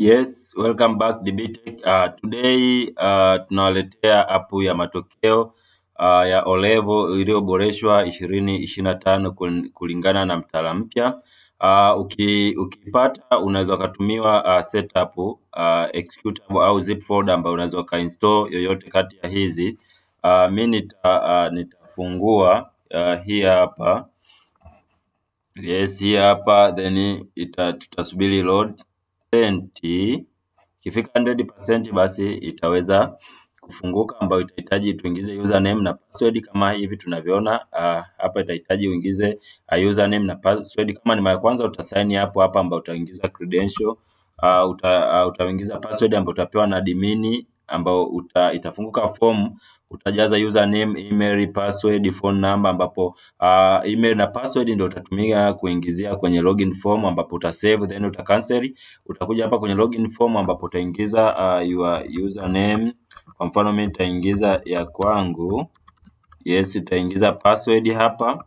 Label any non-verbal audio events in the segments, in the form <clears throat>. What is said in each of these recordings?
Yes, welcome back DBTech. Uh, today uh, tunawaletea apu ya matokeo uh, ya olevo iliyoboreshwa ishirini ishirini na kulingana na mtaala mpya. Uh, uki, ukipata unaweza ukatumiwa uh, setup uh, executable au zip folder ambayo unaweza ukainstall yoyote kati ya hizi. Uh, mi nita, uh, nitafungua uh, hii hapa. Yes, hii hapa then ita, tutasubiri load ikifika 100% basi itaweza kufunguka ambayo itahitaji tuingize username na password kama hivi tunavyoona uh, hapa itahitaji uingize uh, username na password. Kama ni mara kwanza utasaini hapo hapa ambayo utaingiza credential uh, uta, uh, utaingiza password ambayo utapewa na admin ambao itafunguka form utajaza username, email, password, phone number ambapo uh, email na password ndio utatumia kuingizia kwenye login form ambapo uta save then uta cancel. Utakuja hapa kwenye login form ambapo utaingiza uh, your username. Kwa mfano mimi nitaingiza ya kwangu. Yes, nitaingiza password hapa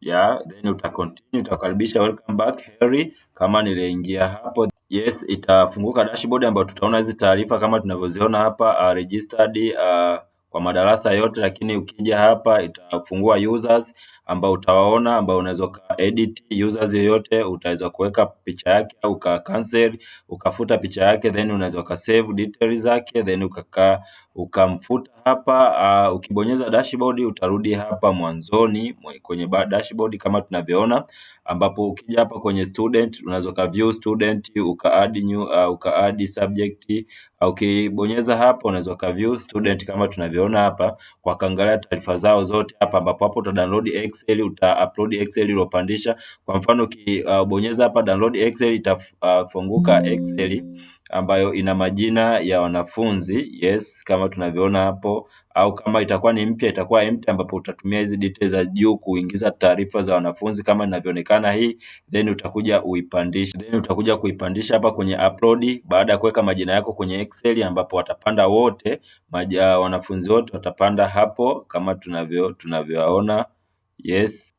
yeah, then uta continue, utakaribisha welcome back Harry, kama niliingia hapo. Yes, itafunguka dashboard ambayo tutaona hizi taarifa kama tunavyoziona hapa uh, registered uh, kwa madarasa yote, lakini ukija hapa itafungua users ambao utawaona, ambao unaweza edit users yoyote, utaweza kuweka picha yake au uka cancel ukafuta picha yake, then unaweza uka save details zake, then ukaka ukamfuta hapa. Uh, ukibonyeza dashboard utarudi hapa mwanzoni kwenye dashboard kama tunavyoona ambapo ukija hapa kwenye student unaweza view student uka add new uh, uka add subject. Uh, ukibonyeza hapa unaweza view student kama tunavyoona hapa, kwa kaangalia taarifa zao zote hapa, ambapo hapo uta download excel, uta upload excel uliopandisha. Kwa mfano ukibonyeza uh, hapa download excel itafunguka uh, excel ambayo ina majina ya wanafunzi yes, kama tunavyoona hapo, au kama itakuwa ni mpya itakuwa empty, ambapo utatumia hizi details za juu kuingiza taarifa za wanafunzi kama inavyoonekana hii, then utakuja uipandisha, then utakuja kuipandisha hapa kwenye upload, baada ya kuweka majina yako kwenye Excel, ambapo watapanda wote maja, wanafunzi wote watapanda hapo kama tunavyo tunavyoona yes.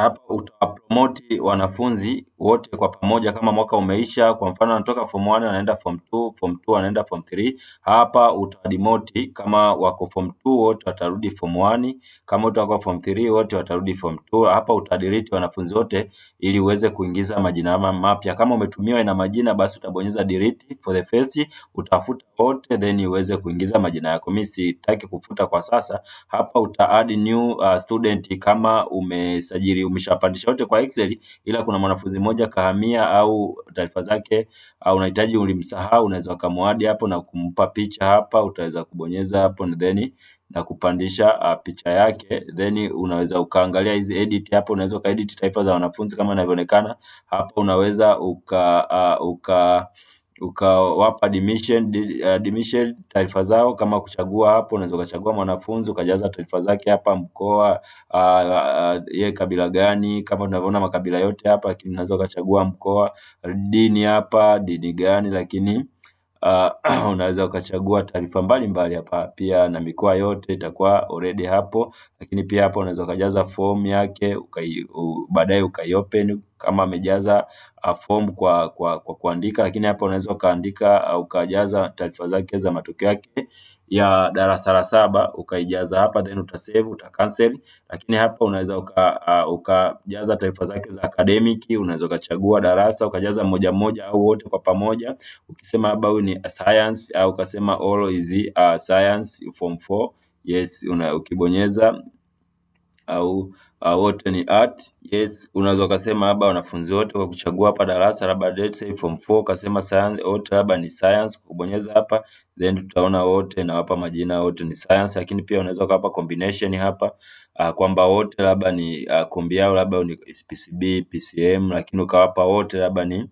Hapa utawapromoti wanafunzi wote kwa pamoja kama mwaka umeisha. Kwa mfano anatoka form 1 anaenda form 2, form 2 anaenda form 3. Hapa utadimoti kama wako form 2 wote watarudi form 1, kama wote wako form 3 wote watarudi form 2. Hapa utadiriti wanafunzi wote ili uweze kuingiza majina mapya. Kama umetumiwa ina majina basi utabonyeza delete for the first, utafuta wote then uweze kuingiza majina yako. Mimi sitaki kufuta kwa sasa. Hapa uta add new uh, student kama umesajili umeshapandisha yote kwa Excel, ila kuna mwanafunzi mmoja kahamia au taarifa zake au unahitaji ulimsahau, unaweza ukamwadi hapo na kumpa picha hapa, utaweza kubonyeza hapo and then na kupandisha uh, ah, picha yake then unaweza ukaangalia hizi edit hapo, unaweza edit taarifa za wanafunzi kama inavyoonekana hapo unaweza uka uh, uka ukawapa admission admission uh, taarifa zao, kama kuchagua hapo, unaweza ukachagua mwanafunzi ukajaza taarifa zake hapa, mkoa uh, uh, ye kabila gani, kama tunavyoona makabila yote hapa, lakini unaweza ukachagua mkoa, dini hapa dini gani, lakini uh, <clears throat> unaweza ukachagua taarifa mbalimbali hapa pia na mikoa yote itakuwa already hapo, lakini pia hapa unaweza ukajaza fomu yake baadaye ukaiopen kama amejaza uh, form kwa, kwa, kwa kuandika, lakini hapa unaweza ukaandika uh, ukajaza taarifa zake za matokeo yake ya darasa la saba ukaijaza hapa, then uta cancel. Lakini hapa unaweza ukajaza uh, ukajaza taarifa zake za academic, unaweza ukachagua darasa ukajaza moja moja au wote kwa pamoja. Ukisema labda huyu ni science au ukasema all is uh, science form 4 yes, una, ukibonyeza au uh, wote ni art. yes unaweza ukasema labda wanafunzi wote kwa kuchagua hapa darasa labda let's say form 4 ukasema science wote labda ni science kubonyeza hapa then tutaona wote nawapa majina wote ni science lakini pia unaweza ukawapa combination hapa uh, kwamba wote labda ni uh, kombi yao labda ni PCB PCM lakini ukawapa wote labda ni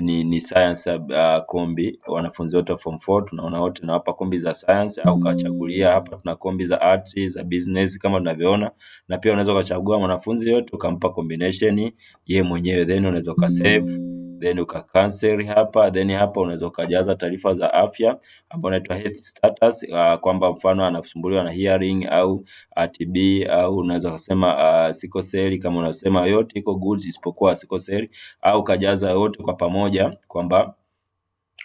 ni, ni science uh, kombi. Wanafunzi wote form 4 tunaona wote na hapa kombi za science au kachagulia hapa, tuna kombi za art za business kama tunavyoona, na pia unaweza ukachagua mwanafunzi yote ukampa combination ye mwenyewe, then unaweza ukasave then uka cancel hapa, then hapa unaweza ukajaza taarifa za afya ambayo inaitwa health status uh, kwamba mfano anasumbuliwa na hearing au uh, TB au unaweza kusema uh, siko seli kama unasema yote iko good isipokuwa siko seli, au ukajaza yote kwa pamoja kwamba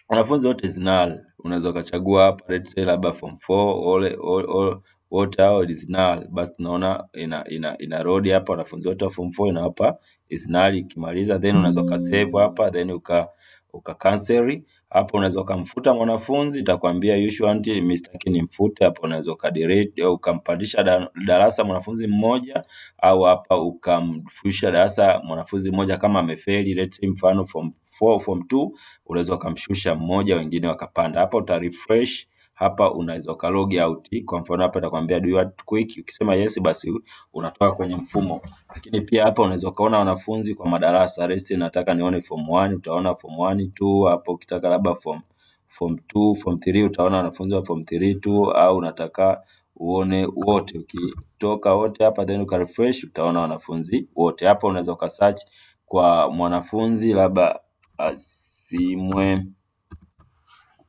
wanafunzi wote zinal, unaweza ukachagua hapa let's say labda form 4 ole ole wote hao zinal, basi tunaona ina ina, ina road hapa wanafunzi wote wa form 4 inawapa isnali ikimaliza then unaweza ukasave hapa then uka uka cancel hapo, unaweza ukamfuta mwanafunzi, itakwambia usually mistake ni mfute hapo, unaweza uka delete au ukampandisha darasa mwanafunzi mmoja, au hapa ukamshusha darasa mwanafunzi mmoja kama amefeli, him mfano form 4 form 2 unaweza ukamshusha mmoja, wengine wakapanda. Hapo uta refresh hapa unaweza ukalogi out kwa mfano hapa itakwambia do you want quick, ukisema yes basi unatoka kwenye mfumo. Lakini pia hapa unaweza ukaona wanafunzi kwa madarasa. Let's nataka nione form 1, utaona form 1 tu hapo, ukitaka labda form form 2, form 3 utaona wanafunzi wa form 3 tu, au unataka uone wote. Ukitoka wote hapa then uka refresh utaona wanafunzi wote. Hapa unaweza uka search kwa mwanafunzi labda Asimwe,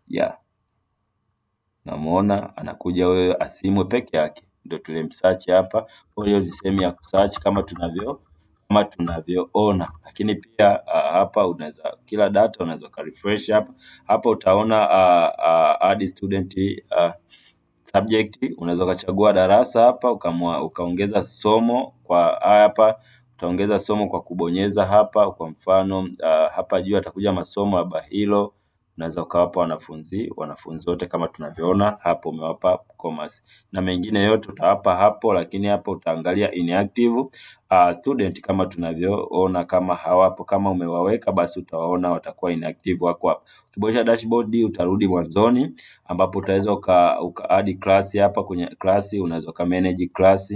yeah. Namuona anakuja wewe asimwe peke yake. Ndio tulimsearch hapa. Kwa hiyo ni sehemu ya kusearch kama tunavyo kama tunavyoona, lakini pia uh, hapa unaweza kila data unaweza ka refresh hapa hapa utaona uh, uh, add student uh, subject. Unaweza ukachagua darasa hapa ukamua, ukaongeza somo kwa hapa utaongeza somo kwa kubonyeza hapa. Kwa mfano uh, hapa juu atakuja masomo labda hilo Unaweza ukawapa wanafunzi, wanafunzi wote kama tunavyoona hapo umewapa commerce. Na mengine yote utawapa hapo, lakini hapo utaangalia inactive uh, student kama tunavyoona, kama hawapo, kama umewaweka basi utawaona watakuwa inactive wako hapo. Ukibonyeza dashboard utarudi mwanzoni ambapo utaweza uka, uka add class hapa kwenye class unaweza uka manage class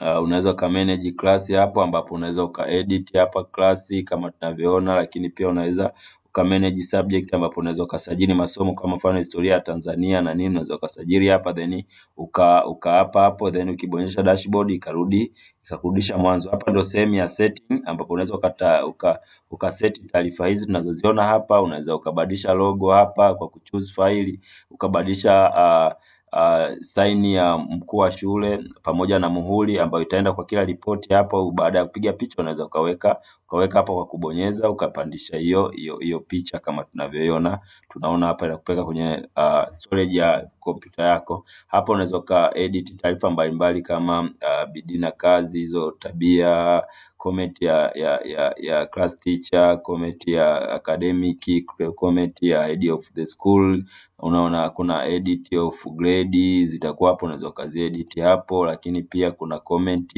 Uh, unaweza uka manage class hapo ambapo unaweza uka edit hapa class kama tunavyoona, lakini pia unaweza ukameneji subject ambapo unaweza ukasajili masomo kama mfano historia ya Tanzania na nini, unaweza ukasajili hapa then uka ukaapa hapo, then ukibonyesha dashboard ikarudi ikakurudisha mwanzo. Hapa ndio sehemu ya setting ambapo unaweza ukata uka, uka set taarifa hizi tunazoziona hapa. Unaweza ukabadilisha logo hapa kwa kuchoose faili ukabadilisha uh, uh, saini ya mkuu wa shule pamoja na muhuri ambayo itaenda kwa kila ripoti. Hapo baada ya kupiga picha unaweza ukaweka ukaweka hapo kwa kubonyeza ukapandisha hiyo hiyo hiyo picha kama tunavyoiona tunaona hapa kupeka kwenye uh, storage ya kompyuta yako. Hapo unaweza uka edit taarifa mbalimbali kama uh, bidii na kazi, hizo tabia comment ya, ya, ya, ya class teacher, comment ya academic, comment ya head of the school. Unaona kuna edit of grade zitakuwa hapo, unaweza ukaziedit hapo, lakini pia kuna comment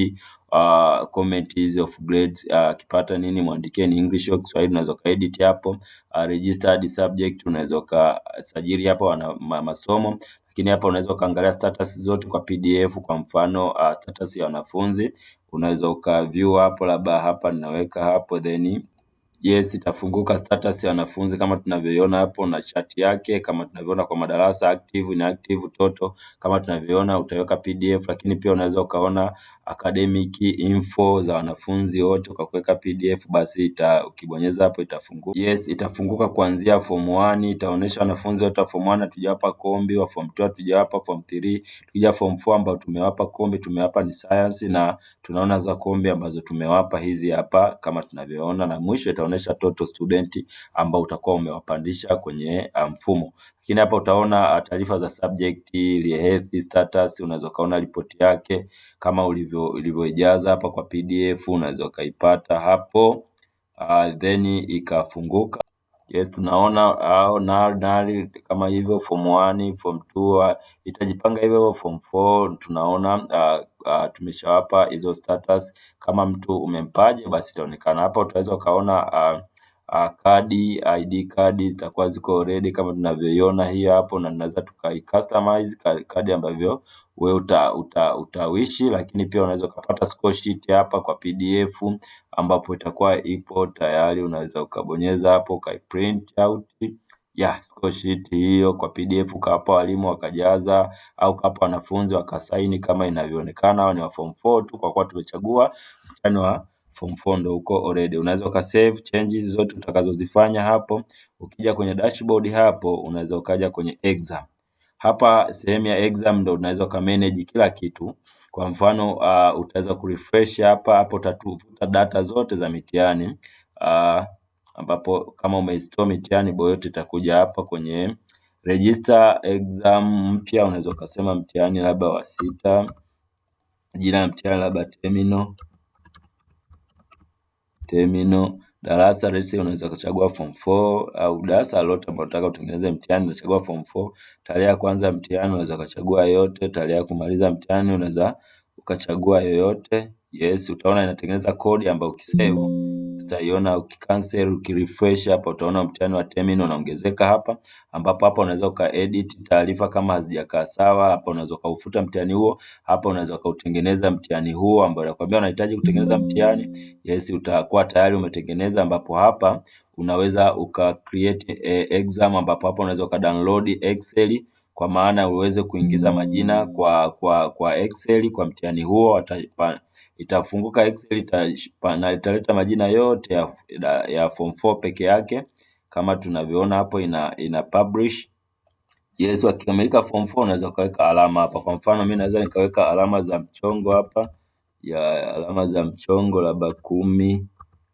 uh, comment hizi of grades uh, kipata nini mwandikie ni English au Kiswahili, unaweza ukaedit hapo. Uh, registered subject unaweza ukasajili hapo wana masomo lakini hapa unaweza ukaangalia status zote kwa PDF. Kwa mfano uh, status ya wanafunzi unaweza ukaview hapo, labda hapa ninaweka hapo then Yes itafunguka status ya wanafunzi kama tunavyoiona hapo na chat yake kama tunavyoona kwa madarasa active, na active toto, kama tunavyoona utaweka PDF lakini pia unaweza ukaona academic info za wanafunzi wote ukaweka PDF basi ita, ukibonyeza hapo itafunguka. Yes itafunguka kuanzia form 1 itaonyesha wanafunzi wote wa form 1 tujawapa kombi, wa form 2 tujawapa, form 3 tukija form 4 ambao tumewapa kombi, tumewapa ni science na tunaona za kombi ambazo tumewapa hizi hapa kama tunavyoona na mwisho ita itaonyesha total student ambao utakuwa umewapandisha kwenye ah, mfumo. Lakini hapa utaona ah, taarifa za subject, health status, unaweza ukaona ripoti yake kama ulivyo ulivyoijaza hapa kwa PDF, unaweza ukaipata hapo uh, then ikafunguka. Yes, tunaona au nari kama hivyo form 1, form 2 ah, itajipanga hivyo form 4 tunaona uh, tumeshawapa hizo status kama mtu umempaje basi itaonekana hapa utaweza ukaona uh, Ah, kadi, ID kadi zitakuwa ziko ready kama tunavyoiona hii hapo, na tunaweza tukai customize kadi ambavyo wewe uta, uta, utawishi, lakini pia unaweza ukapata score sheet hapa kwa PDF ambapo itakuwa ipo tayari, unaweza ukabonyeza hapo kai print out ya score sheet hiyo kwa PDF, kapa walimu wakajaza, au kapa wanafunzi wakasaini kama inavyoonekana. Hawa ni wa form 4 tu kwa kuwa tumechagua mtihani wa form 4 ndio uko already. Unaweza uka save changes zote utakazozifanya hapo. Ukija kwenye dashboard hapo, unaweza ukaja kwenye exam. Hapa sehemu ya exam ndio unaweza uka manage kila kitu. Kwa mfano uh, utaweza kurefresh hapa hapo, utavuta data zote za mitihani uh, ambapo kama umeistore mitihani boyote itakuja hapa kwenye register exam mpya. Unaweza ukasema mtihani labda wa sita, jina la mtihani labda terminal terminal, darasa lesi unaweza kuchagua form 4 au darasa lolote ambalo unataka utengeneze mtihani unachagua form 4. Tarehe ya kwanza mtihani unaweza ukachagua yoyote, tarehe ya kumaliza mtihani unaweza ukachagua yoyote. Yes, utaona inatengeneza kodi ambayo ukisave utaiona, ukicancel, ukirefresh hapa utaona mtihani wa terminal unaongezeka hapa, ambapo hapa unaweza ukaedit taarifa kama hazijakaa sawa. Hapa unaweza ukaufuta mtihani huo, hapa unaweza ukautengeneza mtihani huo ambao nakwambia unahitaji kutengeneza mtihani. Yes, utakuwa tayari umetengeneza, ambapo hapa unaweza uka create e, exam, ambapo hapa unaweza download Excel kwa maana uweze kuingiza majina kwa kwa kwa Excel kwa mtihani huo wata, itafunguka excel na italeta majina yote ya, ya form 4 peke yake kama tunavyoona hapo ina, ina publish yes. Wakikamilika form 4 unaweza ukaweka alama hapa. Kwa mfano mimi naweza nikaweka alama za mchongo hapa ya alama za mchongo labda kumi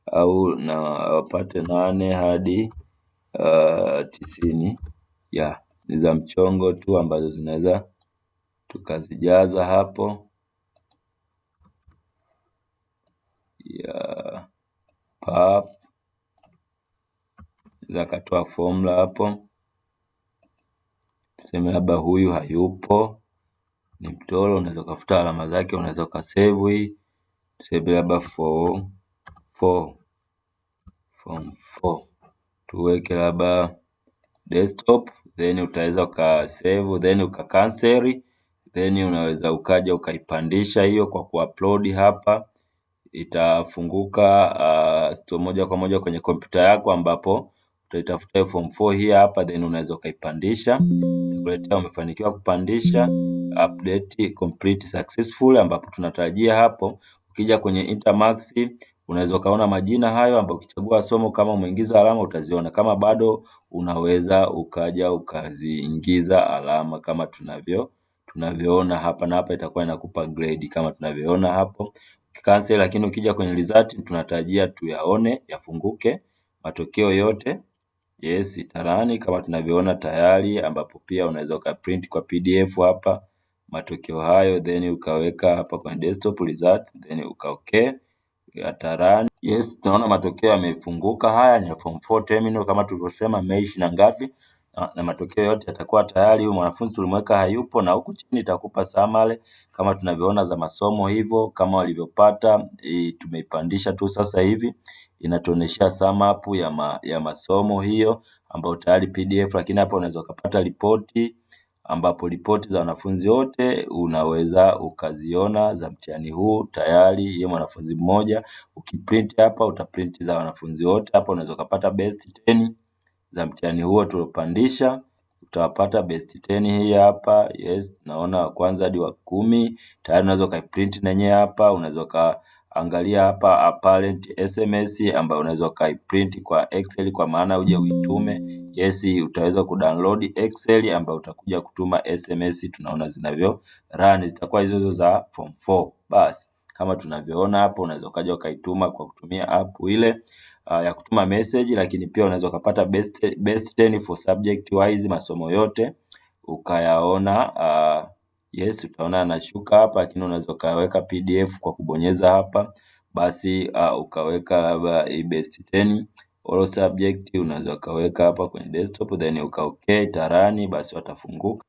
au na wapate nane hadi uh, tisini ya yeah. Ni za mchongo tu ambazo zinaweza tukazijaza hapo. ya PAP. Naweza katoa formula hapo, tuseme labda huyu hayupo, ni mtoro. Unaweza ukafuta alama zake, unaweza ukasevu hii, tuseme labda form four, form 4 tuweke labda desktop, then utaweza ukasevu, then ukakanseli, then unaweza ukaja ukaipandisha hiyo kwa kuupload hapa itafunguka uh, moja kwa moja kwenye kompyuta yako ambapo utaitafuta form 4 hii hapa, then unaweza ukaipandisha. kuletea. umefanikiwa kupandisha, update complete successful, ambapo tunatarajia hapo. Ukija kwenye Intermax unaweza ukaona majina hayo, ambapo ukichagua somo kama umeingiza alama utaziona, kama bado unaweza ukaja ukaziingiza alama kama tunavyo tunavyoona hapa, na hapa itakuwa inakupa grade kama tunavyoona hapo cancel lakini ukija kwenye result tunatarajia tuyaone yafunguke matokeo yote. Yes, tarani kama tunavyoona tayari, ambapo pia unaweza ukaprint kwa PDF hapa matokeo hayo, then ukaweka hapa kwenye desktop result, then ya tarani. Yes, tunaona matokeo yamefunguka. Haya ni form 4 terminal kama tulivyosema Mei ishirini na ngapi Ah, na matokeo yote yatakuwa tayari. Huyu mwanafunzi tulimweka hayupo, na huku chini itakupa summary kama tunavyoona za masomo hivyo, kama walivyopata e, tumeipandisha tu sasa hivi inatuonyesha sum up ya, ma, ya masomo hiyo ambayo tayari PDF, lakini hapa unaweza ukapata ripoti ambapo ripoti za wanafunzi wote unaweza ukaziona za mtihani huu tayari, yeye mwanafunzi mmoja. Ukiprint hapa utaprint za wanafunzi wote. Hapa unaweza ukapata best 10 za mtihani huo tuliopandisha utawapata best 10 hii hapa. Yes, naona wa kwanza hadi wa kumi tayari unaweza ukaiprint na yenyewe hapa, unaweza ukaangalia hapa apparent SMS ambayo unaweza ukaiprint kwa Excel kwa maana uje uitume. Yes, utaweza kudownload Excel ambayo utakuja kutuma SMS, tunaona zinavyo run zitakuwa hizo hizo za form 4. Basi kama tunavyoona hapo, unaweza ukaja ukaituma kwa kutumia app ile uh, ya kutuma message, lakini pia unaweza ukapata best, best 10 for subject wise masomo yote ukayaona. Uh, yes utaona anashuka hapa, lakini unaweza ukaweka PDF kwa kubonyeza hapa, basi uh, ukaweka labda uh, best 10 all subject unaweza ukaweka hapa kwenye desktop then uka okay tarani, basi watafunguka.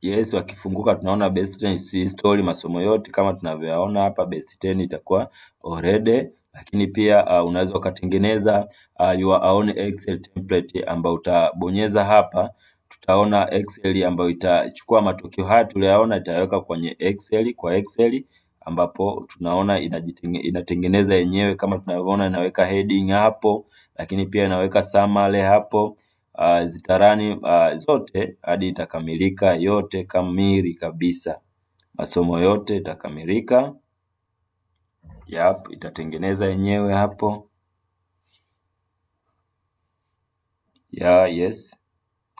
Yes, wakifunguka tunaona best 10 story masomo yote kama tunavyoona hapa. Best 10 itakuwa already lakini pia uh, unaweza ukatengeneza uh, your own excel template ambayo utabonyeza hapa, tutaona excel ambayo itachukua matokeo haya tuliyoona, itaweka kwenye excel kwa excel ambapo tunaona inatengeneza yenyewe kama tunavyoona inaweka heading hapo, lakini pia inaweka summary hapo, uh, zitarani zote hadi itakamilika yote kamili kabisa, masomo yote itakamilika. Yap, itatengeneza yenyewe hapo. Ya, yes.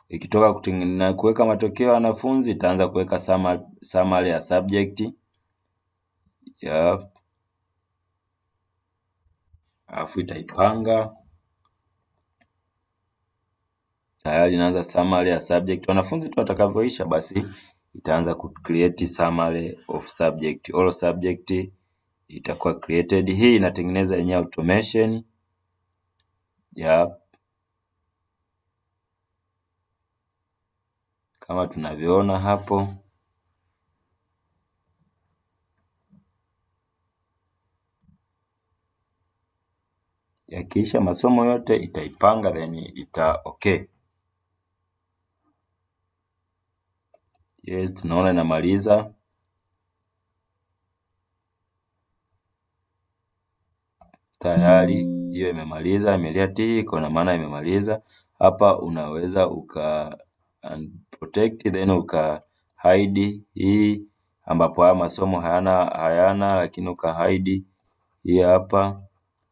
Ikitoka kutengeneza kuweka matokeo ya wanafunzi itaanza kuweka summary ya subject. Yap. Alafu itaipanga tayari inaanza summary ya subject. Wanafunzi tu watakavyoisha, basi itaanza ku create summary of subject all subject itakuwa created. Hii inatengeneza yenye automation yep. Kama tunavyoona hapo yakiisha masomo yote itaipanga then ita okay. Yes, tunaona inamaliza. tayari hiyo imemaliza imelia tick kwa maana imemaliza. Hapa unaweza uka unprotect then uka hide hii ambapo haya masomo hayana hayana, lakini uka hide hii hapa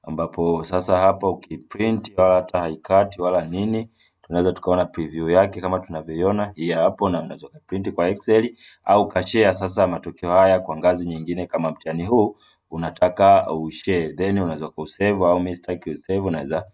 ambapo sasa hapa ukiprint wala hata haikati wala nini, tunaweza tukaona preview yake kama tunavyoiona hii hapo, na unaweza ukaprint kwa Excel au kashare sasa matokeo haya kwa ngazi nyingine kama mtihani huu unataka ushare then unaweza kusave au mimi sitaki usave, unaweza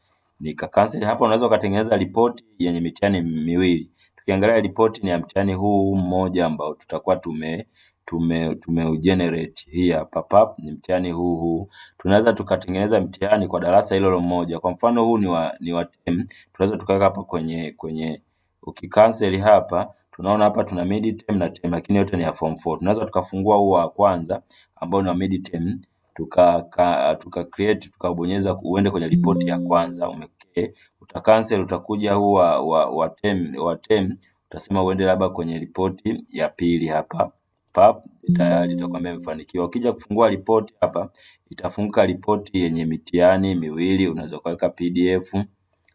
nika cancel hapa. Unaweza ukatengeneza ripoti yenye mitihani miwili. Tukiangalia ripoti ni ya mtihani huu mmoja ambao tutakuwa tume tume tume generate hii hapa pap, ni mtihani huu huu. Tunaweza tukatengeneza mtihani kwa darasa hilo moja. Kwa mfano huu ni wa ni wa term, tunaweza tukaweka hapa kwenye kwenye ukikanseli hapa tunaona hapa tuna mid term na term, lakini yote ni ya form 4. Tunaweza tukafungua huu wa kwanza ambao ni wa Meditem tuka tuka create tukabonyeza uende kwenye ripoti ya kwanza umeke, uta cancel utakuja huu wa wa wa term wa term utasema uende labda kwenye ripoti ya pili hapa pap, tayari itakwambia imefanikiwa. Ukija kufungua ripoti hapa itafunguka ripoti yenye mitihani miwili, unaweza kuweka PDF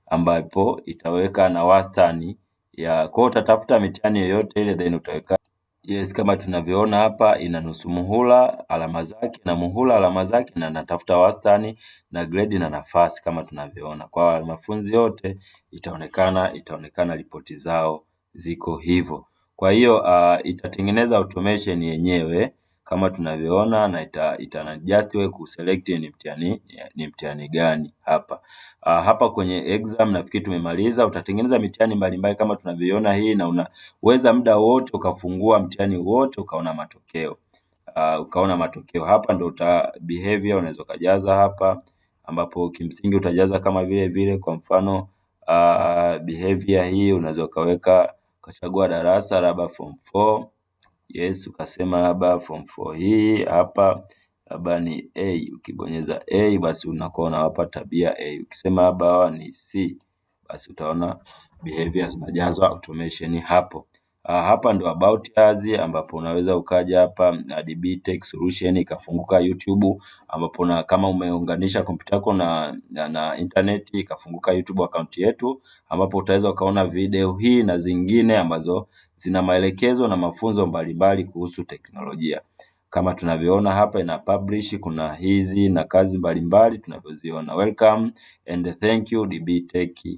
ambapo itaweka na wastani ya kwa, utatafuta mitihani yoyote ile then utaweka Yes, kama tunavyoona hapa ina nusu muhula alama zake na muhula alama zake, na natafuta wastani na grade na nafasi kama tunavyoona. Kwa wanafunzi yote itaonekana itaonekana ripoti zao ziko hivyo. Kwa hiyo uh, itatengeneza automation yenyewe kama tunavyoona na ita, ita na just wewe kuselect ni mtihani ni mtihani gani hapa. Uh, hapa kwenye exam nafikiri tumemaliza. Utatengeneza mitihani mbalimbali kama tunavyoona hii, na unaweza muda wote ukafungua mtihani wote ukaona matokeo uh, ukaona matokeo hapa, ndio uta behavior unaweza ukajaza hapa, ambapo kimsingi utajaza kama vile vile, kwa mfano uh, behavior hii unaweza ukaweka ukachagua darasa labda form 4 Yesu kasema labda form 4 hii hapa labda ni A, ukibonyeza A basi unakuwa unawapa tabia A. Ukisema labda hawa ni C basi utaona behavior zinajazwa automation hapo. Uh, hapa ndo about us ambapo unaweza ukaja hapa na DB Tech Solution ikafunguka YouTube, ambapo na kama umeunganisha kompyuta yako na, na, na internet ikafunguka YouTube account yetu, ambapo utaweza ukaona video hii na zingine ambazo Zina maelekezo na mafunzo mbalimbali kuhusu teknolojia. Kama tunavyoona hapa ina publish kuna hizi na kazi mbalimbali tunavyoziona. Welcome and thank you DB Tech.